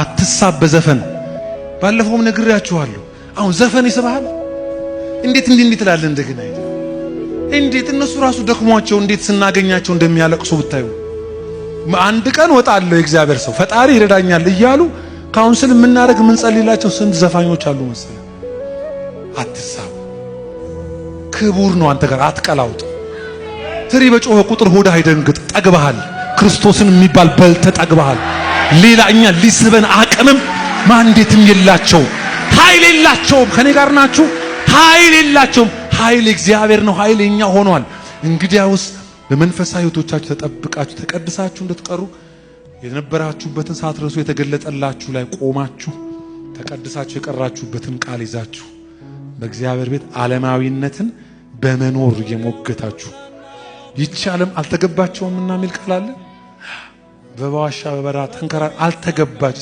አትሳብ በዘፈን ባለፈውም ነግሬያችኋለሁ። አሁን ዘፈን ይስብሃል። እንዴት እንዲህ እንዲህ ትላለህ እንደገና እንዴት እነሱ ራሱ ደክሟቸው እንዴት ስናገኛቸው እንደሚያለቅሱ ብታዩ አንድ ቀን ወጣለሁ የእግዚአብሔር ሰው ፈጣሪ ይረዳኛል እያሉ ካውንስል የምናደርግ የምንጸልይላቸው ስንት ዘፋኞች አሉ መሰለ። አትሳብ፣ ክቡር ነው አንተ ጋር አትቀላውጥ። ትሪ በጮኸ ቁጥር ሆዳ አይደንግጥ። ጠግበሃል፣ ክርስቶስን የሚባል በልተ ጠግበሃል። ሌላ ሊስበን አቅምም ማንዴትም የላቸውም። ኃይል የላቸውም። ከኔ ጋር ናችሁ? ኃይል የላቸውም። ኃይል እግዚአብሔር ነው። ኃይል የኛ ሆኗል። እንግዲያውስ በመንፈሳዊ ሕይወቶቻችሁ ተጠብቃችሁ ተቀድሳችሁ እንድትቀሩ የነበራችሁበትን ሳትረሱ የተገለጠላችሁ ላይ ቆማችሁ ተቀድሳችሁ የቀራችሁበትን ቃል ይዛችሁ በእግዚአብሔር ቤት ዓለማዊነትን በመኖር የሞገታችሁ ይቺ ዓለም እና የሚል ቃል አለ። በዋሻ በበራ ተንከራ አልተገባች